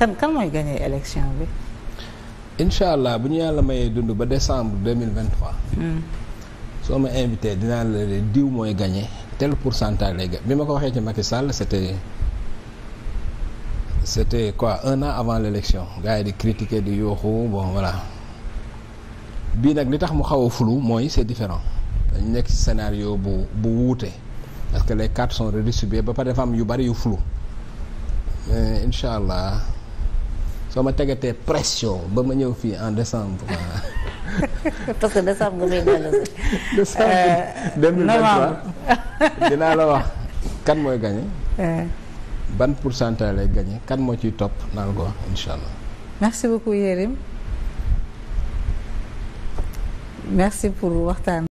kan kan mooy gagné élection bi. incha allah bu ñu yàlla mayee dund ba décembre deux mille vingt trois. Hmm. soo ma invité dinaa la diw mooy gagné tel pourcentage lay gagné bi ma ko waxee ci Macky Sall c' quoi un an avant élection gars di critiquer di yooxu bon voilà bii nag li tax mu xaw a mooy c' est différent dañ nekk ci bu bu wuute parce que les cartes sont redistribuées ba pare dafa am yu bari yu flou mais allah. soo ma tegatee pression ba ma ñëw fii en décembre. parce que décembre nga may dellu si. décembre 2023 euh, dinaa la wax kan mooy gagné. Euh. ban pour pourcentage lay gagné kan moo ciy topp naa la ko wax incha allah. merci beaucoup Yérim merci pour waxtaan.